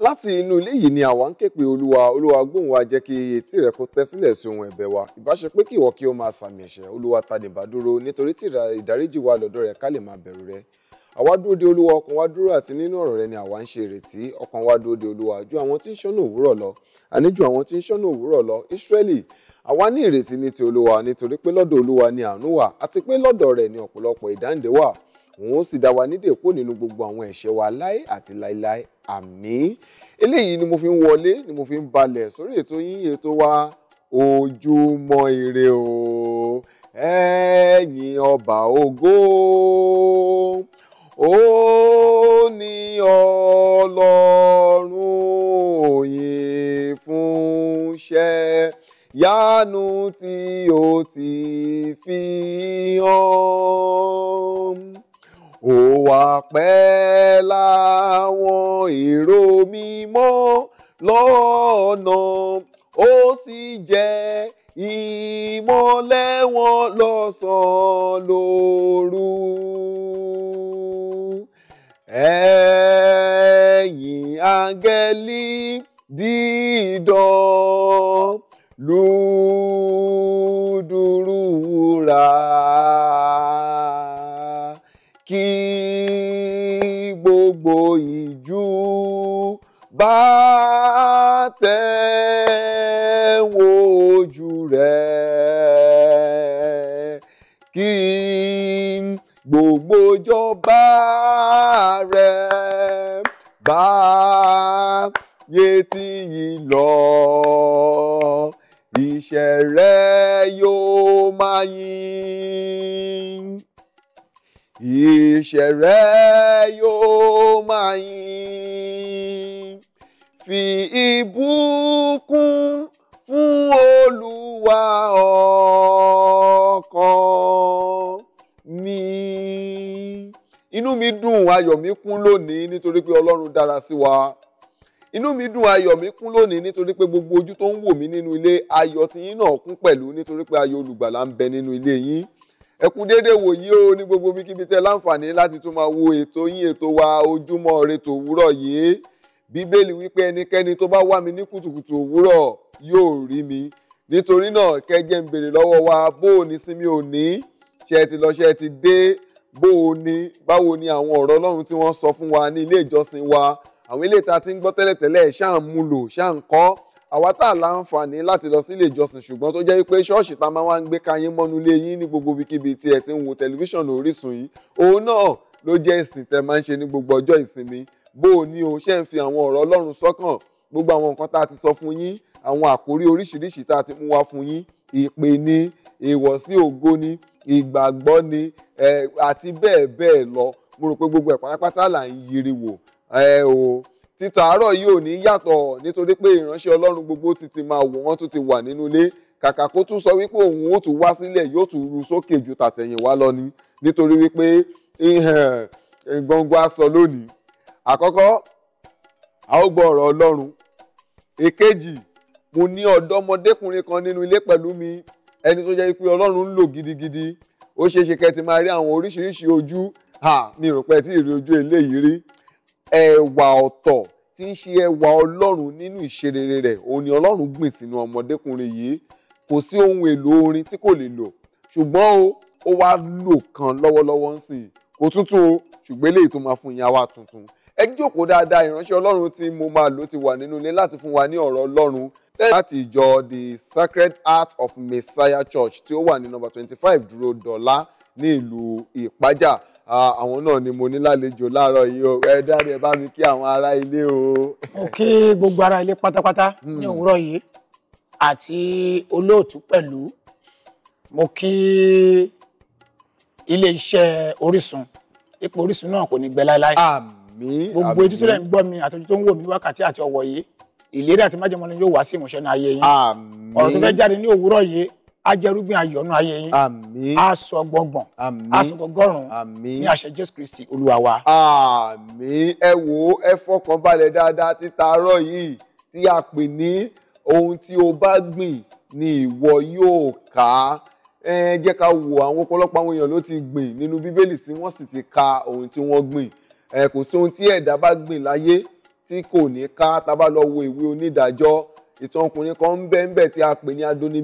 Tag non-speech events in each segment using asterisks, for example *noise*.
láti inú ilé yìí ni àwa ń ké pe olúwa olúwa gbóhùn wa jẹ́ kí etí rẹ̀ kó tẹ́ sílẹ̀ sí ohun ẹ̀bẹ̀ wa ìbáṣepé kí ìwọ kí o máa sàmì ẹ̀ṣẹ̀ olúwa tani bá dúró nítorí tí ìdáríjì wa lọ́dọ̀ rẹ̀ ká lè máa bẹ̀rù rẹ̀ àwa dúró de olúwa ọkàn wa dúró àti nínú ọ̀rọ̀ rẹ̀ ni àwa ń ṣe ìrètí ọkàn wa dúró de olúwa ju àwọn tí ń ṣọ́nà òwúrọ̀ lọ àní ju àwọn tí ń ṣọ́nà òwúrọ̀ lọ Ísírẹ́lì àwa ní ìrètí ní ti olúwa nítorí pé lọ́dọ̀ olúwa ni àánú wà àti pé lọ́dọ̀ rẹ̀ ni ọ̀pọ̀lọpọ̀ ìdáǹdè wà wọn ó sì dá wa nídè kó nínú gbogbo àwọn ẹ̀ṣẹ̀ wa láé àti láéláé àmín eléyìí ni mo fi ń wọlé ni mo fi ń balẹ̀ sórí ètò yín ètò wa ojúmọ́ ire o ẹ̀yin ọba ògo ó ní ọlọ́run òyìn fúnṣẹ́ yánu tí ó ti fi hàn ó wà pẹ́ láwọn èrò mímọ́ lọ́nà ó sì jẹ́ ìmọ́lẹ̀ wọn lọ́sàn-án lóru. ẹ̀yin áńgẹ́lì dídán lùdùrúra. gbogbo ìjú bá tẹ̀ ń wo ojú rẹ̀ kí gbogbo ìjọba rẹ̀ bá yé tí yìí lọ iṣẹ́ rẹ̀ yóò máa yìn ìṣẹ́ rẹ yóò máa yìn fi ìbùkún fún olúwa ọkàn mi. inú mi dùn ayọ̀ mi kún lónìí nítorí pé ọlọ́run dára sí wa inú mi dùn ayọ̀ mi kún lónìí nítorí pé gbogbo ojú tó ń wò mí nínú ilé ayọ̀ tiyín náà kún pẹ̀lú nítorí pé ayọ̀ olùgbàlà ń bẹ nínú ilé yín ẹ kú déédé wò yí o ní gbogbo bíkíbi tẹ láǹfààní láti tún máa wo ètò yín ètò wa ojúmọ́ ire tòwúrọ̀ yìí bíbélì wípé ẹnikẹ́ni tó bá wá mi ní kùtùkùtù òwúrọ̀ yóò rí mi nítorí náà kẹjẹ ń béèrè lọ́wọ́ wa bó o ní sinmi ò ní ṣe ti lọ ṣe ti dé bó o ní báwo ni àwọn ọ̀rọ̀ Ọlọ́run tí wọ́n sọ fún wa ní ilé ìjọsìn wa àwọn ilé ìta tí ń gbọ́ tẹ́lẹ̀tẹ́lẹ̀ ṣáà ń múlò ṣáà ń kọ́ àwa tá a láǹfààní láti lọ sílé ìjọsìn ṣùgbọ́n tó jẹ́ pé ṣọ́ọ̀ṣì tá a máa wá ń gbé kayín mọ́nú ilé yín ní gbogbo ibikíbi tí ẹ ti ń wo tẹlifíṣàn Orísun yìí òun náà ló jẹ́ ìsìn tẹ máa ń ṣe ní gbogbo ọjọ́ ìsinmi bó o ní o ṣe ń fi àwọn ọ̀rọ̀ Ọlọ́run sọ́kàn gbogbo àwọn nǹkan tá a ti sọ fún yín àwọn àkórí oríṣiríṣi tá a ti mú wá fún yín ìpè ni ìwọ̀sí ògo ni ìgbàgbọ́ ni àti bẹ́ẹ̀ bẹ́ẹ̀ lọ mo rò pé gbogbo ẹ̀ pátápátá là ń yiri wò ẹ o títà àárọ̀ yìí ò ní yàtọ̀ nítorí pé ìránṣẹ́ ọlọ́run gbogbo ti ti máa wò wọ́n tó ti wà nínú ilé kàkà kó tún sọ wípé òun ó tún wá sílẹ̀ yóò tún ru sókè ju tàtẹ̀yìnwá lọ ni nítorí wípé gbọ̀ngbọ̀n aṣọ lónìí àkọ́kọ́ a ó gbọ́ ọ̀rọ̀ ọlọ́run èkejì mo ní ọ̀dọ́mọdékùnrin kan nínú ilé pẹ̀lú mi ẹni tó jẹ́ pé ọlọ́run ń lò gidigidi ó ṣeé ṣe kẹ́ ti máa rí àwọn oríṣiríṣi ojú mi rò pé tí ì ojú eléyìí rí ẹwà ọ̀tọ̀ tí ń ṣe ẹwà ọlọ́run nínú ìṣerere rẹ̀ òun ni ọlọ́run gbìn sínú ọmọdékùnrin yìí kò sí ohun èlò orin tí kò lè lò ṣùgbọ́n o ó wá lò kan lọ́wọ́lọ́wọ́ ń sìn kò tuntun o ṣùgbọ́n eléyìí tó máa fún yín á wà tuntun ẹ jókòó dáadáa ìránṣẹ́ ọlọ́run tí mo máa lò ti wà nínú ilé láti fún wa ní ọ̀rọ̀ ọlọ́run láti ìjọ the Sacred Heart of Messiah Church tí ó wà ní nọ́mbà twenty five dúró dọ̀lá ní ìlú ìpájà àwọn náà ni mo ní lálejò láàárọ̀ yìí o ẹ dáre ẹ bá mi kí àwọn ará ilé o. mo kí gbogbo ará ilé pátápátá ní hmm. òwúrọ̀ yìí àti olóòtú pẹ̀lú mo kí iléeṣẹ́ Orísun ipò Orísun náà kò ní gbẹ láéláé. àmín gbogbo etí tó lẹ́ ń gbọ́ mi àtọ́jú tó ń wò mí wákàtí àti ọ̀wọ̀ yìí ìlérí àti májèmọ́ ni yóò wá sí ìmúṣẹ ní ayé yín. àmín ọ̀rọ̀ tó fẹ́ jáde ní òwúrọ̀ yìí ajẹrúgbìn ayọ̀nù ayé yín aṣọ gbọ̀ngbọ̀n aṣọ gbọ̀gọ́rùn ní àṣẹ jésù kristi olúwa wa. àmín ẹ wò ẹ fọkàn balẹ̀ dáadáa títa yìí tí a pè ní ohun tí o bá gbìn ni ìwọ yóò ká ẹ jẹ́ ká wo àwọn ọ̀pọ̀lọpọ̀ àwọn èèyàn ló ti gbìn nínú bíbélì tí wọ́n sì ti ka ohun tí wọ́n gbìn ẹ kò sí ohun tí ẹ̀dá bá gbìn láyé tí kò ní ká tá a bá lọ wo ìwé onídàájọ́ ìtàn ọkùnrin kan ń bẹ ń bẹ tí a pè ní Adoni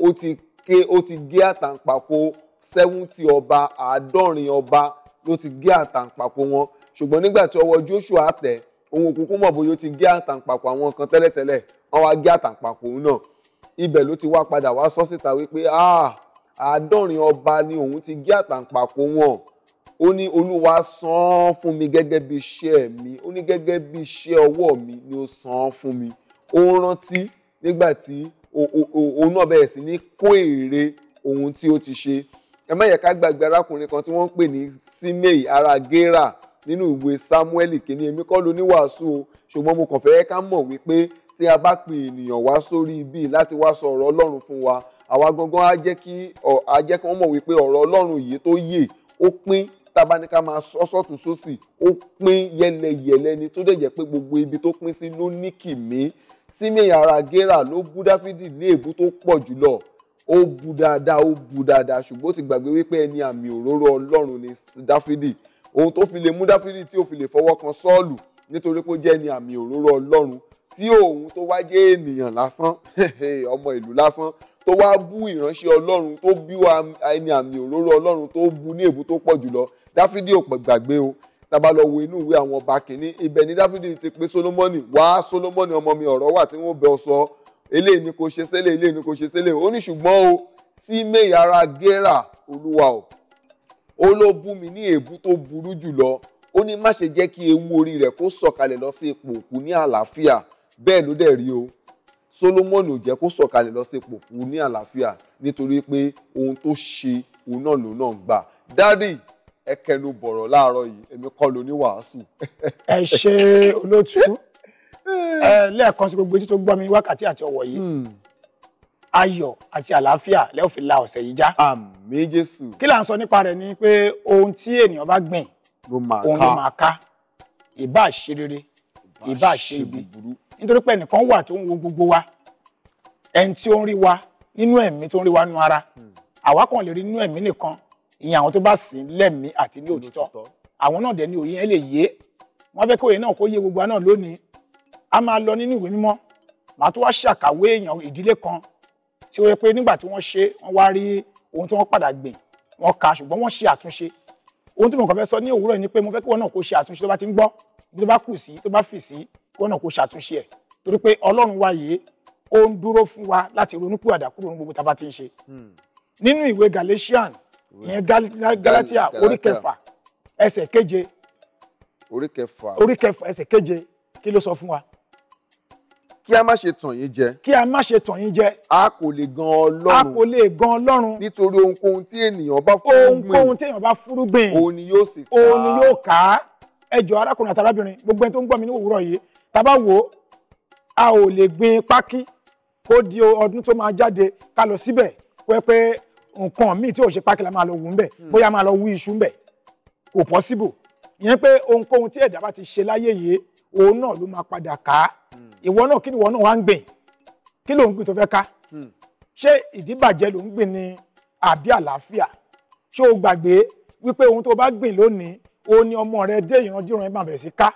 o ti ké o ti gé àtàǹpàkò sẹ́wùntì ọba àádọ́rin ọba ló ti gé àtàǹpàkò wọn ṣùgbọ́n nígbà tí ọwọ́ Joshua tẹ̀ òun òkùnkùn mọ̀ bóyá ó ti gé àtàǹpàkò àwọn kan tẹ́lẹ̀tẹ́lẹ̀ wọ́n wá gé àtàǹpàkò náà ibẹ̀ ló ti wá padà wá sọ síta wípé ah, àádọ́rin ọba ni òun ti gé àtàǹpàkò wọn ó ní olúwa san án fún mi gẹ́gẹ́ bí iṣẹ́ mi ó ní gẹ́gẹ́ bí iṣẹ́ ọwọ́ mi ni ó san án fún mi ó rántí nígbà tí òun náà bẹ̀rẹ̀ sí ní kó èrè ohun tí ó ti ṣe ẹ má yẹ ká gbàgbé arákùnrin kan tí wọ́n ń pè ní Síméì ará Gérà nínú ìwé Sámúẹ́lì kìíní èmi kọ́ ló níwàásù o ṣùgbọ́n mo kàn fẹ́ ká mọ̀ wípé tí a bá pe ènìyàn wá sórí ibi láti wá sọ ọ̀rọ̀ Ọlọ́run fún wa àwa gangan á jẹ́ kí á jẹ́ kí wọ́n mọ̀ wípé ọ̀rọ̀ Ọlọ́run yìí tó yè ó pín tábánikà máa sọ́sọ́tún sósì ó pín yẹlẹyẹlẹ ni tó dẹ̀ jẹ́ pé gbogbo ibi tó pín sí ló ní kìmí Símẹ́yì ara Gẹ́rà ló bú Dáfídì ní èébú tó pọ̀ jùlọ ó bú dáadáa ó bú dáadáa ṣùgbọ́n ó ti gbàgbé wípé ẹni àmì òróró Ọlọ́run ni Dáfídì ohun tó fi lè mú Dáfídì tí ó fi lè fọwọ́ kan Sọ́ọ̀lù nítorí pé ó jẹ́ ẹni àmì òróró Ọlọ́run tí òun tó wá jẹ́ ènìyàn lásán *laughs* ọmọ ìlú lásán tó wá bú ìránṣẹ́ Ọlọ́run tó bí ẹni àmì òróró Ọlọ́run tó bú ní èébú tó pọ̀ jùlọ Dáfídì ò gbàgbé o tábà lọ wo inú ìwé àwọn ọba kìíní ibẹ̀ ni dáfídì ti pè solomoni wá solomoni ọmọ mi ọ̀rọ̀ wà tí wọ́n bẹ ọ sọ eléyìí ni kò ṣe sẹ́lẹ̀ eléyìí ni kò ṣe sẹ́lẹ̀ ó ní ṣùgbọ́n o sí mẹ́yàrá gẹ́rà olúwa o ó ló bú mi ní èébú tó burú jùlọ ó ní má ṣe jẹ́ kí ewu orí rẹ̀ kó sọ̀kalẹ̀ lọ sí ipò òkú ní àlàáfíà bẹ́ẹ̀ ló dẹ̀ rí o solomoni ò jẹ́ kó sọ̀kalẹ̀ lọ sí ipò òkú ní àlàáfíà nítorí pé ohun tó ṣe òun náà lòun náà gbà dádì ẹ kẹnu bọ̀rọ̀ láàárọ̀ yìí èmi kọ́ ló ní wàásù. ẹ ṣe olóòtú *laughs* ẹ lẹ́ẹ̀kan sí gbogbo etí tó gbọ́ mi wákàtí àti ọ̀wọ̀ yìí hmm. ayọ̀ àti àlàáfíà lẹ́ẹ̀ fi la ọ̀sẹ̀ yìí já. àmín jésù. kí là ń sọ nípa rẹ̀ ni pé ohun tí ènìyàn bá gbìn òun ló máa ká ìbá ṣe rere ìbá ṣe ibi nítorí pé ẹnìkan wà tó ń wo gbogbo wa ẹni tí ó ń rí wa nínú ẹ̀mí tó ń rí wa nínú ara hmm. àwa kàn lè rí nínú ẹ̀mí nìkan ìyẹn àwọn tó bá sìn lẹ́mí àti ní òtítọ́ àwọn náà dẹ̀ ní òye yẹn lè yé wọ́n fẹ́ kóye náà kó yé gbogbo náà lónìí a máa lọ nínú ìwé mímọ́ màá tó wá ṣàkàwé èèyàn ìdílé kan tí ó yẹ pé nígbà tí wọ́n ṣe wọ́n wá rí ohun tí wọ́n padà gbìn wọ́n ka ṣùgbọ́n wọ́n ṣe àtúnṣe ohun tí mo kàn fẹ́ sọ ní òwúrọ̀ ni pé mo fẹ́ kí wọ́n náà kó ṣe àtúnṣe tó bá ti ń gbọ́ tó bá kù sí tó bá fì sí kí wọ́n náà kó ṣàtúnṣe ẹ̀ torí pé ọlọ́run wa yìí ó ń dúró fún wa láti ronúpìwàdà kúrò ní gbogbo tá a bá ti ń ṣe hmm. nínú ìwé Galatian ìyẹn Galatia orí kẹfà ẹsẹ̀ keje orí kẹfà orí kẹfà ẹsẹ̀ keje kí ló sọ fún wa. kí a má ṣe tàn yín jẹ. kí a má ṣe tàn yín jẹ. a kò lè gan ọlọ́run. a kò lè gan ọlọ́run. nítorí ohunkóhun tí ènìyàn bá fúrúgbìn. ohunkóhun tí ènìyàn bá fúrúgbìn. òun ni yóò sì ká. òun ni yóò ká. ẹ jọ arákùnrin àti arábìnrin gbogbo ẹni tó ń gbọ́ mi ní òwúrọ̀ yìí tábà wò a ò lè gbin pákí kó di ọdún tó máa jáde ká lọ síbẹ̀ pé nǹkan míì tí ò ṣe pákí la máa lọ wù ń bẹ̀ hmm. bóyá máa lọ wú iṣu ń bẹ̀ kò pọ́síbù ìyẹn pé ohunkóhun tí ẹ̀dá bá ti ṣe láyé yìí òun náà ló máa padà ká hmm. ìwọ náà kí ni ìwọ náà wá ń gbìn kí ló ń gbìn tó fẹ́ ká hmm. ṣé ìdíbàjẹ́ ló ń gbìn ni àbí àlàáfíà ṣé o gbàgbé wípé ohun tó bá gbìn lónìí òun ni ọmọ rẹ dé ìrandíran ẹ máa bẹ̀rẹ̀ sí ká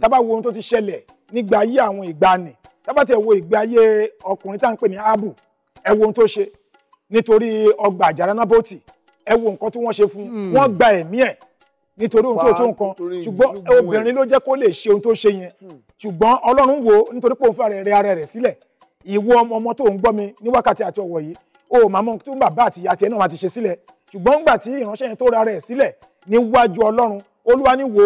tábà wo ohun tó ti ṣẹlẹ̀ nígbà ayé àwọn ìgbàanì tábà tẹ̀ wo ìgbé ayé ọkùnrin tá ń pè ní abu ẹ wo ohun tó ṣe nítorí ọgbà àjàrà nábòtì ẹ wo nǹkan tí wọ́n ṣe fún un hmm. wọ́n gba ẹ̀mí ẹ̀ nítorí ohun tó tó nǹkan ṣùgbọ́n obìnrin ló jẹ́ kó lè ṣe ohun tó ṣe yẹn hmm. ṣùgbọ́n ọlọ́run wo nítorí pé òun fún ara rẹ̀ sílẹ̀ ìwọ ọmọ tó ń gbọ́ mi ní wákàtí àti ọ̀wọ̀ yìí o màmá tó ń bàbá àti ìyá tiẹ̀ náà máa ti ṣe sílẹ̀ ṣùgbọ́n ńgbà tí ìránṣẹ́ yẹn tó ra rẹ̀ sílẹ̀ níwájú ọlọ́run olúwa ní wo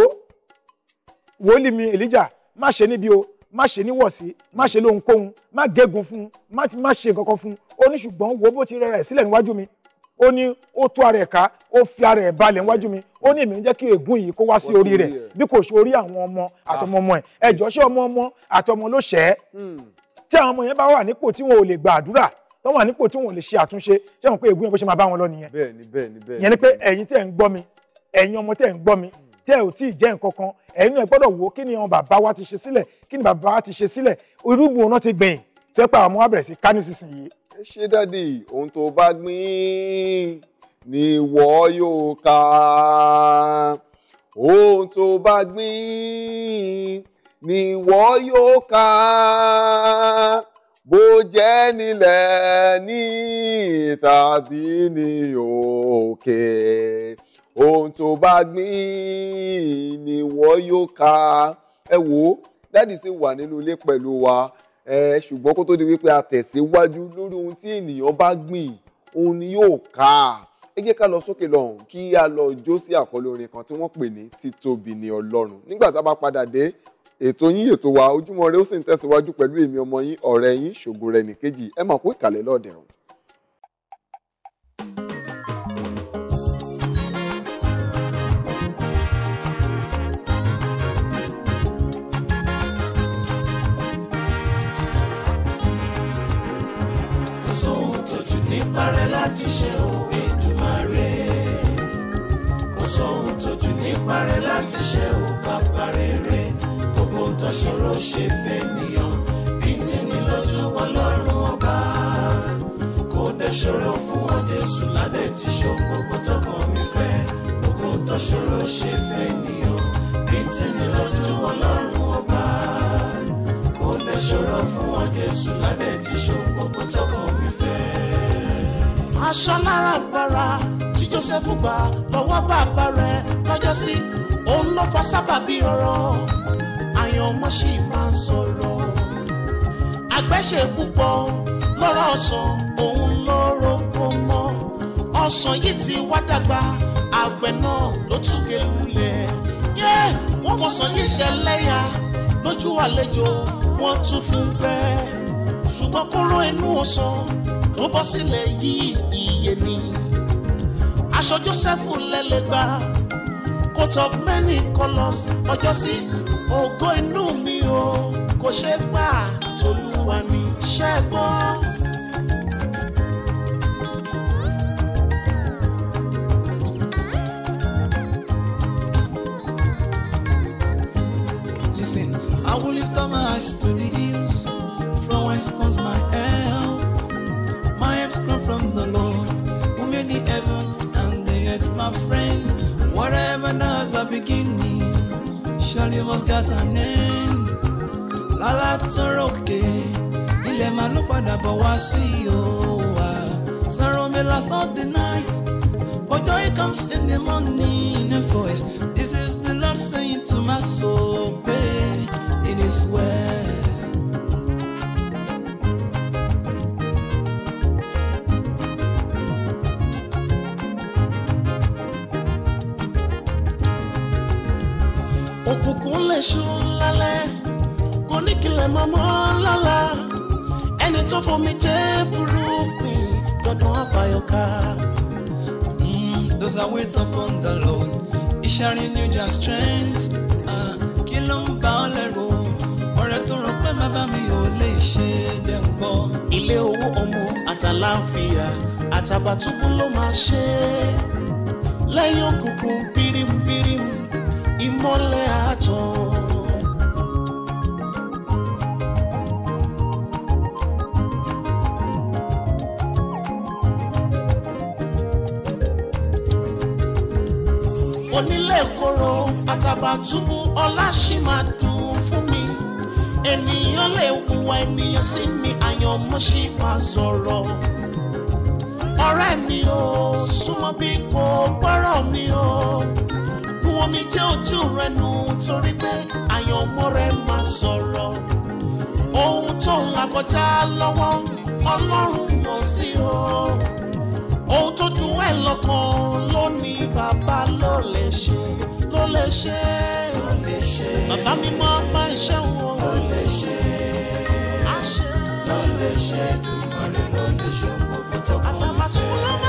wòlíì mi èlíjà má ṣe níbi o má ṣe níwọ̀sí má ṣe lóhunkóhun má gégùn fún má ṣe nǹkan kan fún ó ní ṣùgbọ́n wo bó ti rẹ̀ rẹ̀ sílẹ̀ níwájú mi ó ní ó tú ara ẹ̀ ká ó fi ara ẹ̀ balẹ̀ níwájú mi ó ní èmi ń jẹ́ kí ègún yìí kó wá sí orí rẹ̀ bí kò ṣe orí àwọn ọmọ àtọmọ ọmọ ẹ̀ ẹ̀jọ́ ṣé ọmọ ọmọ àtọmọ ló ṣẹ́ hmm. tí àwọn ọmọ yẹn bá wà nípò tí wọn ò lè gba àdúrà tó wà nípò tí wọn ò lè ṣe ni pé ẹ̀yin tẹ́ ń gbọ́ mi ẹ̀yin ọmọ tẹ́ ń gbọ́ mi tẹ́ ò tí ì jẹ́ nǹkan kan ẹ̀yin náà gbọ́dọ̀ wò ó kí ni àwọn bàbá wa ti ṣe sílẹ̀ kí ni bàbá wa ti ṣe sílẹ̀ irúgbìn ọ̀nà ti gbẹ̀yìn fẹ́ pa àwọn ọmọ wa bẹ̀rẹ̀ sí ká nísinsìnyí ṣé dádì ohun tó bá gbìn ni ìwọ yóò ká ohun tó bá gbìn ni ìwọ yóò ká bó jẹ́ nílẹ̀ ní tàbí ní òkè ohun tó bá gbìn ni ìwọ yóò ká ẹ wò ó dádì sì wà nínú ilé pẹ̀lú wa ṣùgbọ́n kó tó di wípé a tẹ̀síwájú lórí ohun tí ènìyàn bá gbìn òun ni yóò ká ẹ jẹ́ ká lọ sókè lọ́hùn kí a lọ jó sí àkọlé orin kan tí wọ́n pè ní títóbi ni ọlọ́run nígbà tá a bá padà dé ètò yín ètò wa ojúmọ́ ire ó sì ń tẹ̀síwájú pẹ̀lú èmi ọmọ yín ọ̀rẹ́ yín ṣògo rẹ̀ nìkejì ẹ máa kó ìkàlẹ̀ lọ́ọ̀dẹ̀ láti ṣe òwe dùmarè kò sóhun tójú nípa rẹ̀ láti ṣe ò bàbá rere gbogbo ń tọ́ṣọ́rọ́ ṣe fẹ́ nìyàn bí ti ní lójú ọlọ́run ọba kò dẹ́ṣọ́rọ́ fún wọn jésù ládẹ́ ti ṣe gbogbo tọkàn mi fẹ́ gbogbo ń tọ́ṣọ́rọ́ ṣe fẹ́ nìyàn bí ti ní lójú ọlọ́run ọba kò dẹ́ṣọ́rọ́ fún wọn jésù ti ṣe aṣọ lára gbára tí Joseph gbà lọ́wọ́ bàbá rẹ̀ lọ́jọ́ sí òun ló fa sábàbí ọ̀rọ̀ àyànmọ́sí máa ń sọ̀rọ̀ àgbẹ̀ṣe púpọ̀ lọ́rọ̀ ọ̀sán òun ló roko mọ́ ọ̀sán yìí ti wá dàgbà àgbẹ̀ náà ló tún gé lulẹ̀ yé wọ́n fọ̀sán yìí ṣẹlẹ́yà lójú àlejò wọ́n tún fún bẹ́ẹ̀ ṣùgbọ́n kóró inú ọ̀sán tó bọ́ sílẹ̀ yìí iye ni aṣọ Joseph lẹ́lẹ́gbà coat of many colours ọjọ́ sí ògo inú mi o kò ṣeé gbà tolúwa ni ṣẹ́ gbọ́. I will lift up my eyes to the hills, from whence comes beginning, surely must get an end. Lálá tọrọ òkè, ilẹ̀ máa ló padà bọ̀ wá sí òwà. Sorrow may last all the night, but joy comes in the morning and voice. This is the Lord saying to my soul, pay in His way. iṣu lálẹ́ kò ní kílẹ̀ mọ́mọ́ lọ́la ẹni tó fomi tẹ́ fúrúpìn dandan àfàyọká. Mm, those are wait upon the Lord iṣẹ́ renew your strength ah, kí ló ń bá ọ lẹ́rù ọ̀rẹ́ tó rọ pé bàbá mi ò lè ṣe dẹ̀ ń gbọ́. ilé owó ọmọ àtàláfíà àtàbàtúbú ló máa ṣe é lẹ́yìn òkùnkùn lẹ́kọ̀ọ́ àtàbàtúbú ọlá ṣì máa dùn fún mi ènìyàn lè hùwà ènìyàn sí mi àyànmọ́ ṣì máa sọ̀rọ̀ ọ̀rẹ́ mi ò súnmọ́ bí kò gbọ́rọ̀ mi ò nu omi jẹ́ ojú rẹ nù torí pé àyànmọ́ rẹ máa sọ̀rọ̀ ohun tó ń là kọjá lọ́wọ́ ọlọ́run mọ̀ sí o ohun tó dùn ẹ́ lọ́kàn lónìí bàbá lọ́la ṣe bàbá mi mọ apá iṣẹ́ wọn ó lè ṣe á ṣe ló lè ṣe dùn